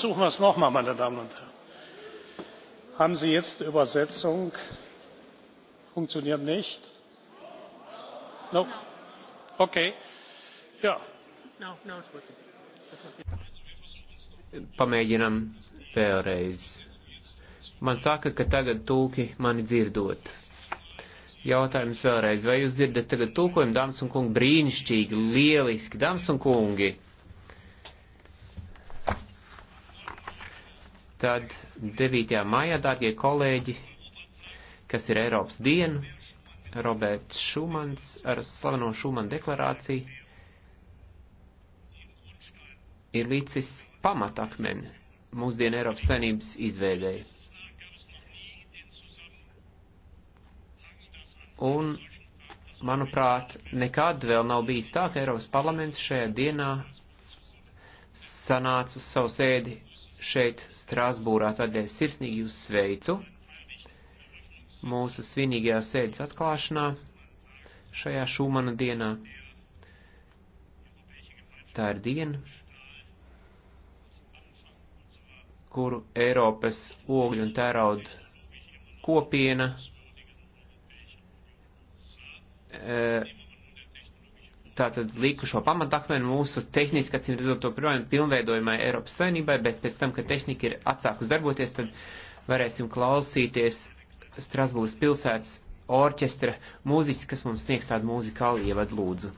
versuchen wir es noch einmal meine damen und herren. haben sie jetzt übersetzung? funktioniert nicht? okay. Ja. Pamēģinam vēlreiz. Man saka, ka tagad tulki mani dzirdot. Jautājums vēlreiz, vai jūs dzirdat tagad tulkojumu, dāmas un kungi, brīnišķīgi, lieliski, dāmas un kungi? Tad 9. maijā, dārgie kolēģi, kas ir Eiropas diena, Roberts Šumans ar slaveno Šumana deklarāciju ir līdzis pamatakmeni mūsdienu Eiropas saimnības izveidēji. Un, manuprāt, nekad vēl nav bijis tā, ka Eiropas parlaments šajā dienā sanāca uz savu sēdi šeit Strāsbūrā, tādēļ sirsnīgi jūs sveicu mūsu svinīgajā sēdes atklāšanā šajā šūmana dienā. Tā ir diena, kuru Eiropas ogļu un tērauda kopiena e, tātad likušo pamatakmeni mūsu tehniski, acīm redzot, joprojām pilnveidojumai Eiropas Savienībai, bet pēc tam, kad tehnika ir atsākus darboties, tad varēsim klausīties Strasbūras pilsētas orķestra mūziķis, kas mums sniegs tādu mūzikālu ievadu lūdzu.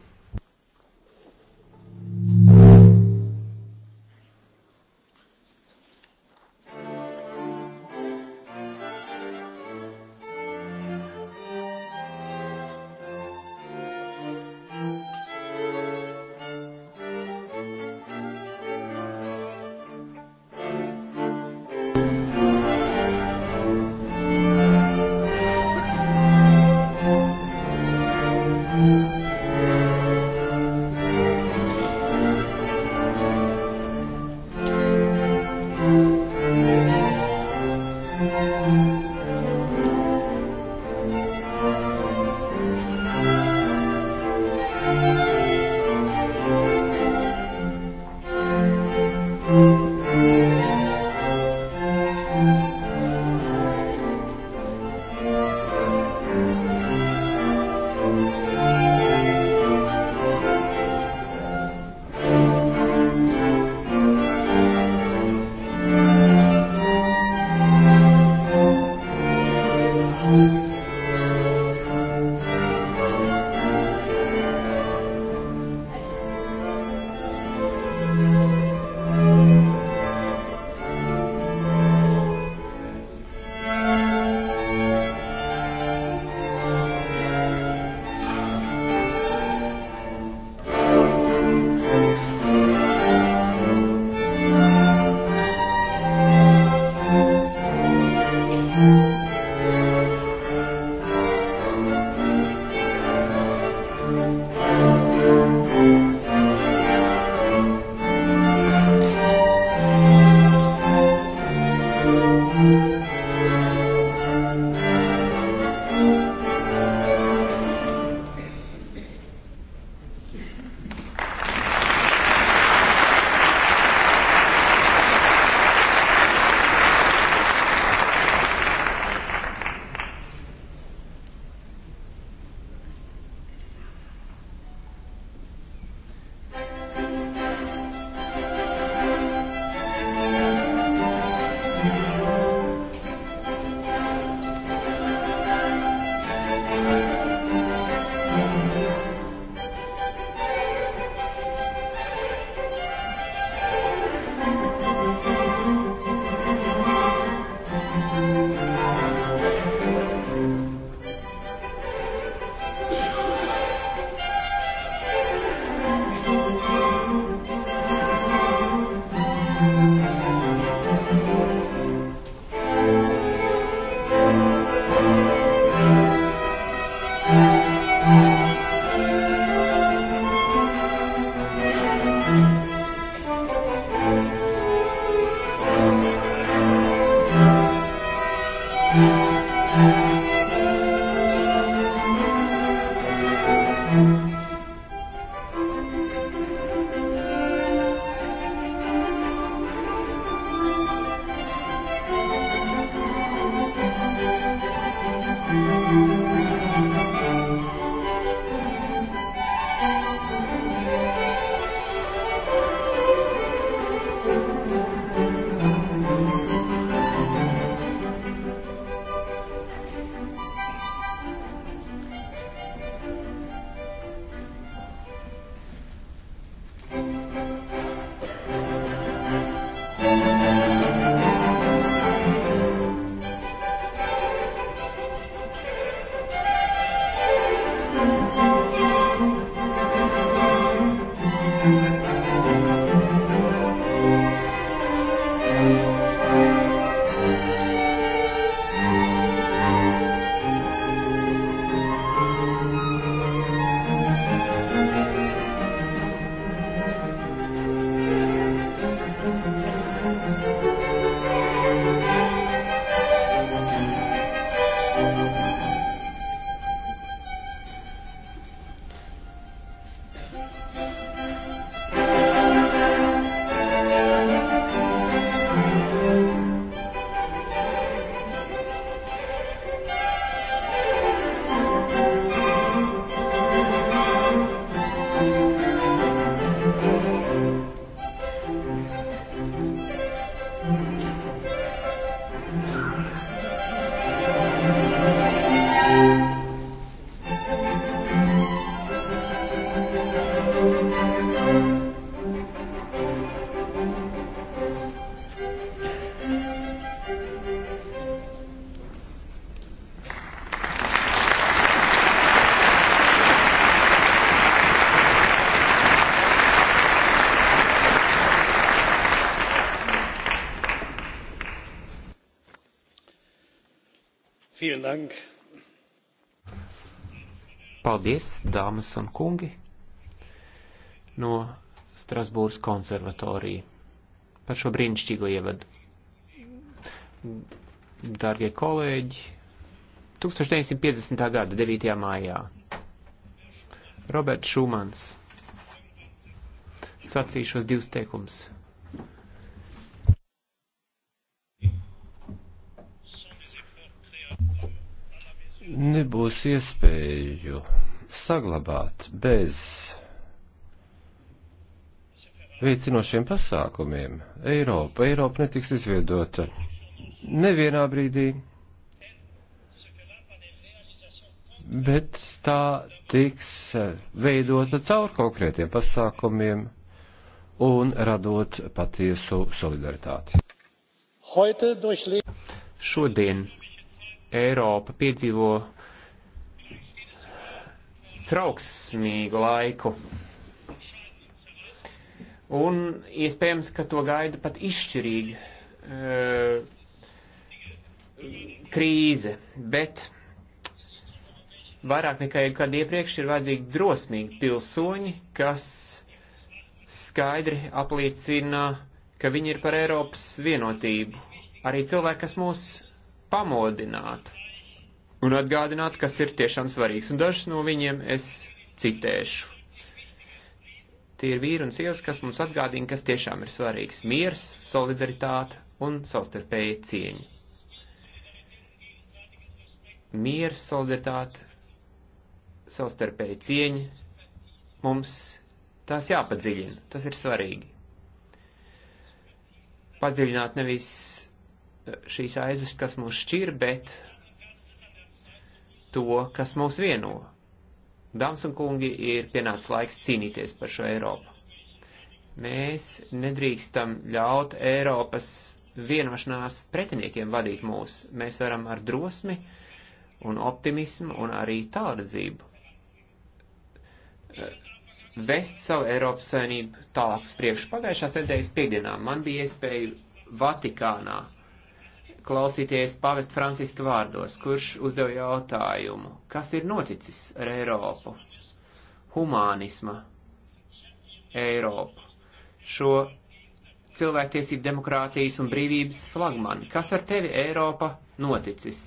Paldies, dāmas un kungi, no Strasbūras konservatorija par šo brīnišķīgo ievadu. Dārgie kolēģi, 1950. gada 9. mājā Roberts Šumans sacīja šos divus teikumus. nebūs iespēju saglabāt bez veicinošiem pasākumiem Eiropa. Eiropa netiks izviedota nevienā brīdī, bet tā tiks veidota caur konkrētiem pasākumiem un radot patiesu solidaritāti. Šodien Eiropa piedzīvo trauksmīgu laiku. Un iespējams, ka to gaida pat izšķirīga uh, krīze, bet vairāk nekā jebkad iepriekš ir vajadzīgi drosmīgi pilsoņi, kas skaidri apliecina, ka viņi ir par Eiropas vienotību. Arī cilvēki, kas mūs pamodināt un atgādināt, kas ir tiešām svarīgs. Un dažus no viņiem es citēšu. Tie ir vīri un sievas, kas mums atgādina, kas tiešām ir svarīgs - miers, solidaritāte un savstarpēja cieņa. Miers, solidaritāte, savstarpēja cieņa mums tās jāpadziļina, tas ir svarīgi. Padziļināt nevis šīs aizes, kas mūs šķir, bet to, kas mūs vieno. Dāmas un kungi, ir pienācis laiks cīnīties par šo Eiropu. Mēs nedrīkstam ļaut Eiropas vienošanās pretiniekiem vadīt mūs. Mēs varam ar drosmi un optimismu un arī tālredzību eh, vest savu Eiropas savienību tālāk uz priekšu. Pagājušās nedēļas piekdienā man bija iespēja Vatikānā uh, klausīties pavest Franciska vārdos, kurš uzdeva jautājumu, kas ir noticis ar Eiropu, humānisma Eiropu, šo cilvēktiesību demokrātijas un brīvības flagmani. Kas ar tevi Eiropa noticis?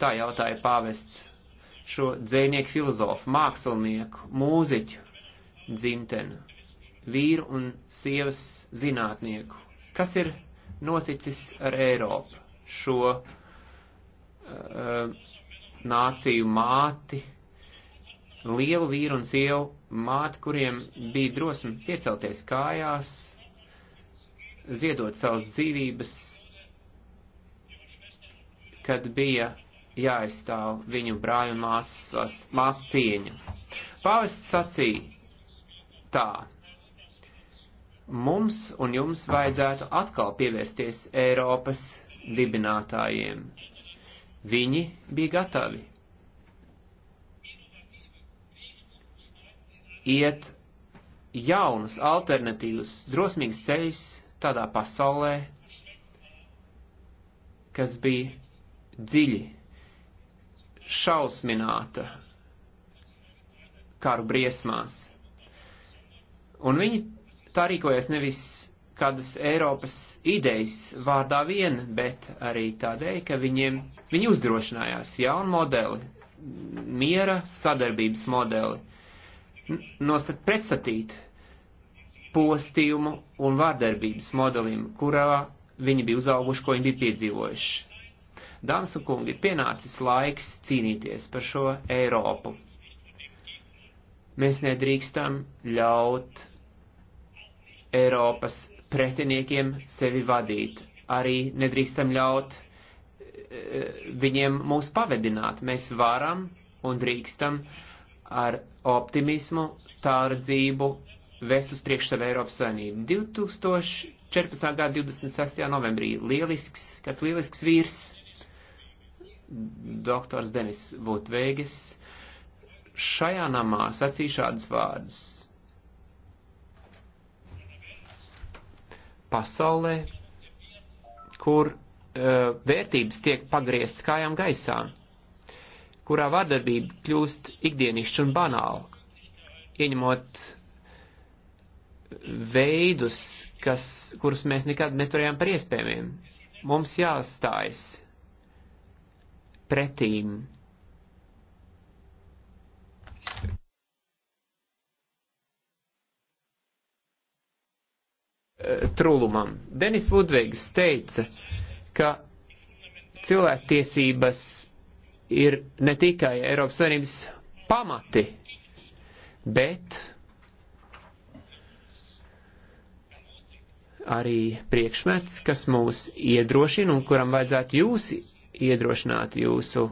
Tā jautāja pāvests šo dzēnieku filozofu, mākslinieku, mūziķu dzimtenu, vīru un sievas zinātnieku. Kas ir noticis ar Eiropu, šo uh, nāciju māti, lielu vīru un sievu māti, kuriem bija drosme piecelties kājās, ziedot savas dzīvības, kad bija jāizstāv viņu brāļu un māsas, māsas cieņa. Pāvests sacīja tā mums un jums vajadzētu atkal pievērsties Eiropas dibinātājiem. Viņi bija gatavi iet jaunus, alternatīvus, drosmīgus ceļus tādā pasaulē, kas bija dziļi šausmināta karu briesmās. Un viņi Tā rīkojas nevis kādas Eiropas idejas vārdā vien, bet arī tādēļ, ka viņiem, viņi uzdrošinājās jaunu modeli, miera sadarbības modeli, nostat pretstatīt postījumu un vārdarbības modelim, kurā viņi bija uzauguši, ko viņi bija piedzīvojuši. Dāmas un kungi, ir pienācis laiks cīnīties par šo Eiropu. Mēs nedrīkstam ļaut Eiropas pretiniekiem sevi vadīt. Arī nedrīkstam ļaut eh, viņiem mūs pavedināt. Mēs varam un drīkstam ar optimismu, tārdzību vest uz priekšu savu Eiropas savinību. 2014. gada 26. novembrī lielisks, kāds lielisks vīrs, doktors Denis Votvēgis, šajā namā sacīja šādus vārdus pasaulē, kur uh, vērtības tiek pagrieztas kājām gaisā, kurā vardarbība kļūst ikdienišķa un banāla, ieņemot veidus, kas, kurus mēs nekad neturējām par iespējamiem. Mums jāstājas pretīm Eh, trūlumam. Denis Vudveigs teica, ka cilvēktiesības ir ne tikai Eiropas Savienības pamati, bet arī priekšmets, kas mūs iedrošina un kuram vajadzētu jūs iedrošināt jūsu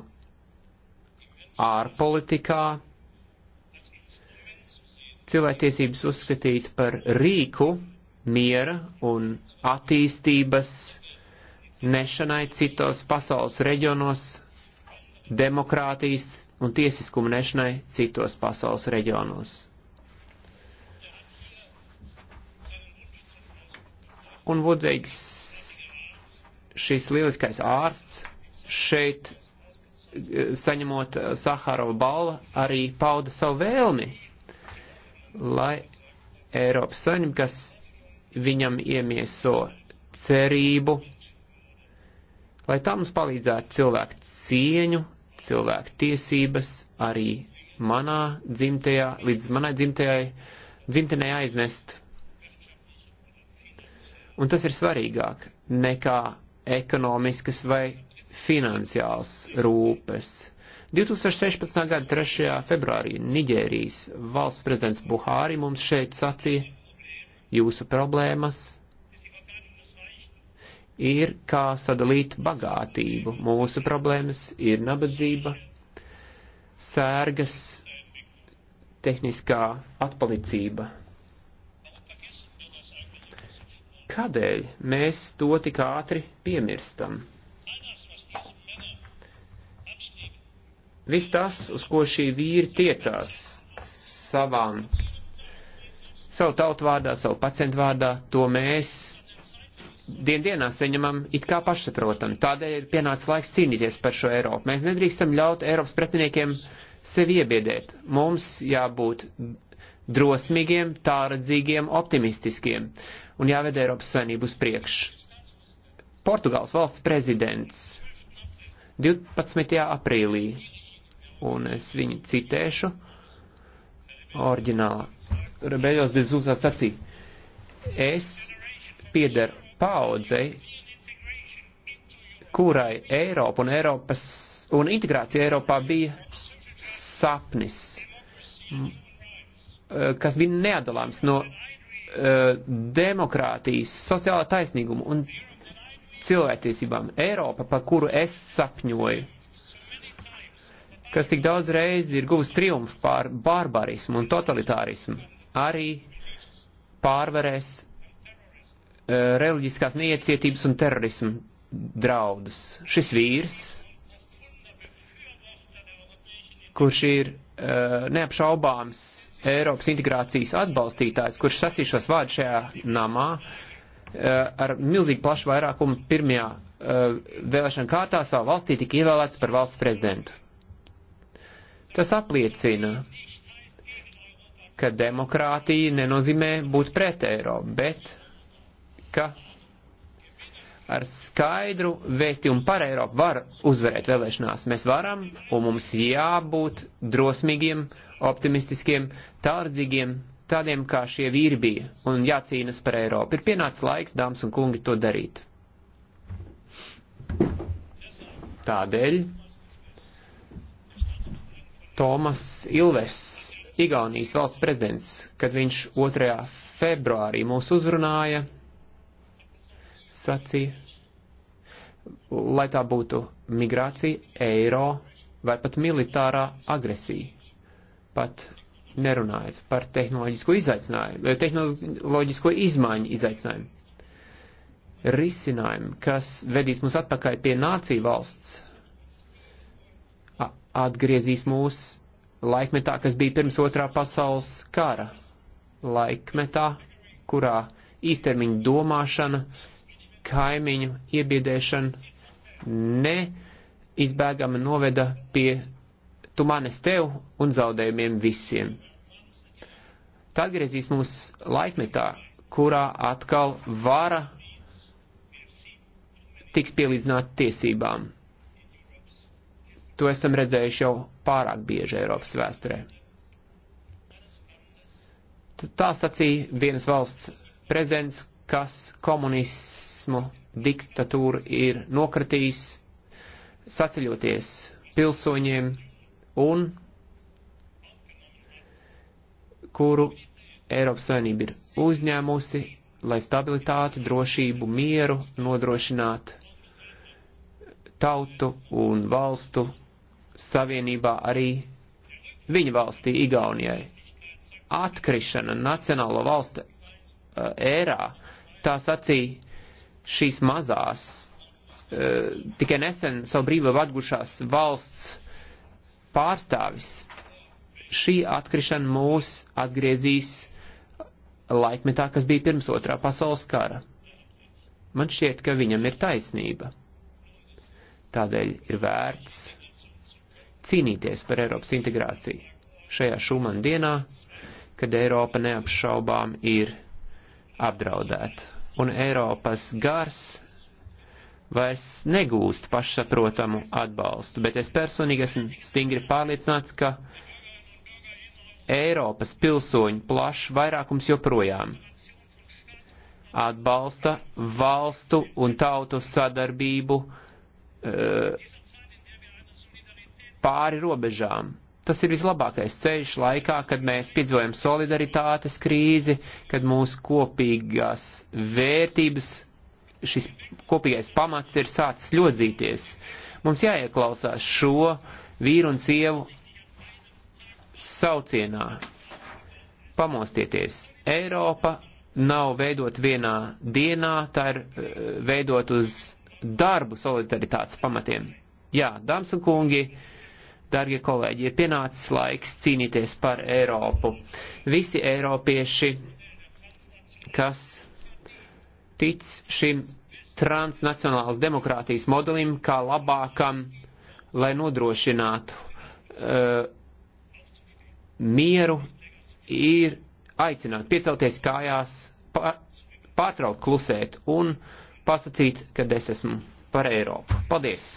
ārpolitikā, cilvēktiesības uzskatīt par rīku, miera un attīstības nešanai citos pasaules reģionos, demokrātijas un tiesiskuma nešanai citos pasaules reģionos. Un Vudveigs, šis lieliskais ārsts, šeit e, saņemot e, Saharova balvu, arī pauda savu vēlmi, lai Eiropas saņem, kas viņam iemieso cerību, lai tā mums palīdzētu cilvēku cieņu, cilvēku tiesības arī manā dzimtajā, līdz manai dzimtajai, dzimtenē aiznest. Un tas ir svarīgāk nekā ekonomiskas vai finansiāls rūpes. 2016. gada 3. februārī Niģērijas valsts prezidents Buhāri mums šeit sacīja, Jūsu problēmas ir, kā sadalīt bagātību. Mūsu problēmas ir nabadzība, sērgas, tehniskā atpalicība. Kādēļ mēs to tik ātri piemirstam? Viss tas, uz ko šī vīri tiecās savām savu tautu vārdā, savu pacientu vārdā, to mēs diendienā saņemam it kā pašsaprotam. Tādēļ ir pienācis laiks cīnīties par šo Eiropu. Mēs nedrīkstam ļaut Eiropas pretiniekiem sevi iebiedēt. Mums jābūt drosmīgiem, tāredzīgiem, optimistiskiem un jāved Eiropas savinību uz priekšu. Portugāls valsts prezidents 12. aprīlī, un es viņu citēšu, oriģinālā Rebejos de Zuzā sacīja, es pieder paudzei, kurai Eiropa un, Eiropas, un integrācija Eiropā bija sapnis, eh, kas bija neatdalāms no eh, demokrātijas, sociālā taisnīguma un cilvēktiesībām. Eiropa, par kuru es sapņoju, kas tik daudz reizi ir guvis triumfu pār barbarismu un totalitārismu arī pārvarēs eh, reliģiskās neiecietības un terorismu draudus. Šis vīrs, kurš ir eh, neapšaubāms Eiropas integrācijas atbalstītājs, kurš sacīja šos vārdus šajā namā, eh, ar milzīgi plašu vairākumu pirmajā vēlēšana kārtā savā valstī tika ievēlēts par valsts prezidentu. Tas apliecina, ka demokrātija nenozīmē būt pret eiro, bet ka ar skaidru vēstījumu par Eiropu var uzvarēt vēlēšanās. Mēs varam un mums jābūt drosmīgiem, optimistiskiem, tārdzīgiem, tādiem kā šie vīri bija un jācīnas par Eiropu. Ir pienācis laiks, dāmas un kungi, to darīt. Tādēļ Tomas Ilves Igaunijas valsts prezidents, kad viņš 2. februārī mūs uzrunāja, sacīja, lai tā būtu migrācija, eiro vai pat militārā agresija. Pat nerunājot par tehnoloģisko izaicinājumu, eh, tehnoloģisko izmaiņu izaicinājumu. Risinājumi, kas vedīs mūs atpakaļ pie nāciju valsts, atgriezīs mūs laikmetā, kas bija pirms otrā pasaules kara, laikmetā, kurā īstermiņa domāšana, kaimiņu iebiedēšana neizbēgami noveda pie tu manis tev un zaudējumiem visiem. Tā atgriezīs mūs laikmetā, kurā atkal vara tiks pielīdzināta tiesībām To esam redzējuši jau pārāk bieži Eiropas vēsturē. Tā sacīja vienas valsts prezidents, kas komunismu diktatūru ir nokratījis, saceļoties pilsoņiem un kuru Eiropas Savienība ir uzņēmusi, lai stabilitāti, drošību, mieru nodrošinātu tautu un valstu Savienībā arī viņa valstī, Igaunijai. Atkrišana nacionālo valstu uh, ērā, tā sacīja šīs mazās, uh, tikai nesen savu brīvību atgušās valsts pārstāvis. Šī atkrišana mūs atgriezīs laikmetā, kas bija pirms otrā pasaules kara. Man šķiet, ka viņam ir taisnība. Tādēļ ir vērts cīnīties par Eiropas integrāciju šajā šūman dienā, kad Eiropa neapšaubām ir apdraudēta. Un Eiropas gars vairs negūst pašsaprotamu atbalstu, bet es personīgi esmu stingri pārliecināts, ka Eiropas pilsoņu plašs vairākums joprojām atbalsta valstu un tautu sadarbību uh, pāri robežām. Tas ir vislabākais ceļš laikā, kad mēs piedzīvojam solidaritātes krīzi, kad mūsu kopīgās vērtības, šis kopīgais pamats ir sācis ļodzīties. Mums jāieklausās šo vīru un sievu saucienā. Pamostieties! Eiropa nav veidot vienā dienā, tā ir eh, veidot uz darbu solidaritātes pamatiem. Jā, dāmas un kungi! Dargie kolēģi, ir pienācis laiks cīnīties par Eiropu. Visi eiropieši, kas tic šim transnacionālas demokrātijas modelim kā labākam, lai nodrošinātu uh, mieru, ir aicināt piecelties kājās, pārtraukt klusēt un pasakīt, kad es esmu par Eiropu. Paldies!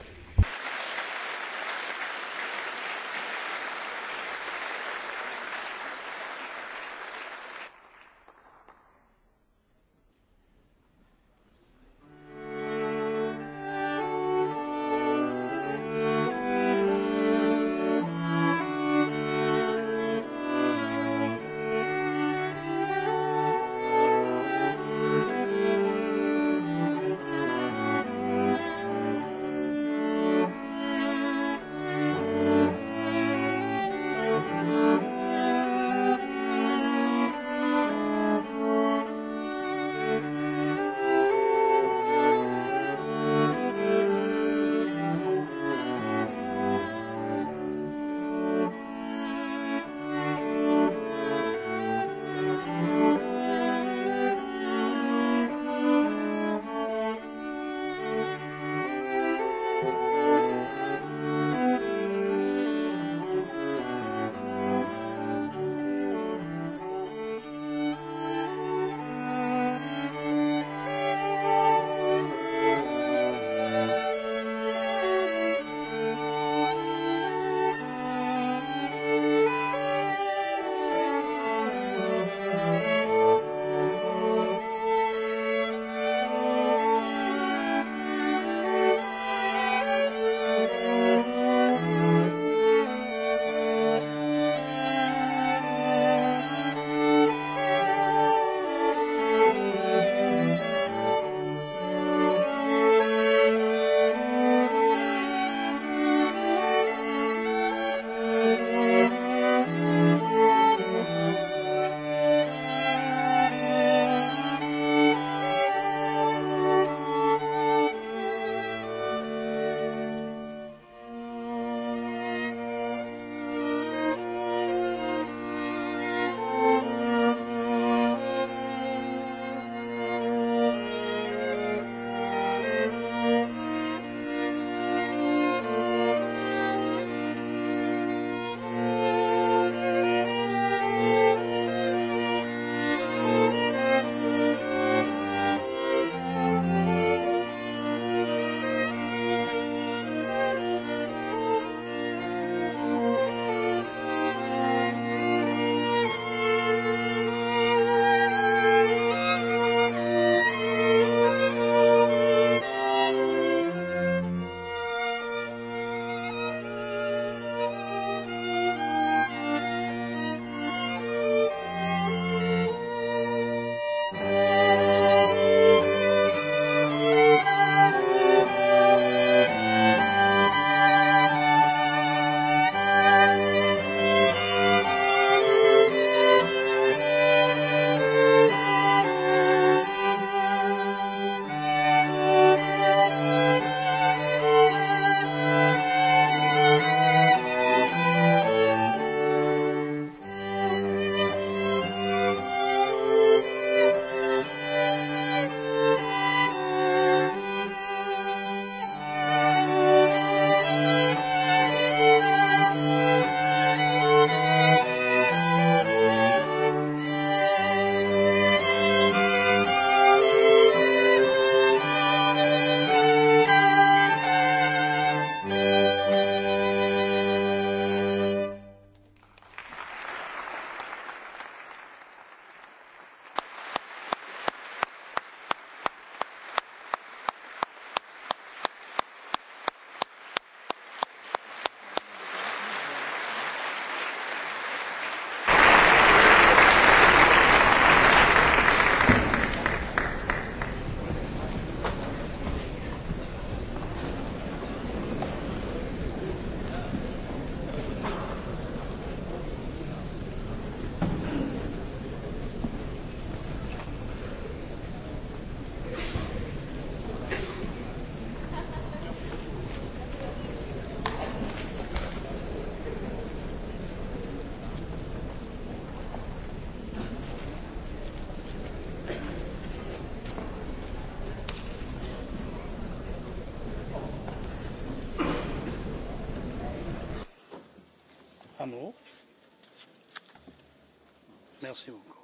Merci beaucoup.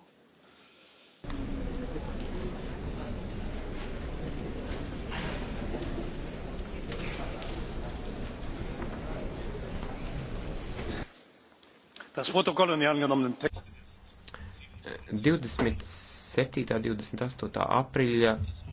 Das Protokoll und die angenommenen Texte. Eh, 27. 28. aprīļa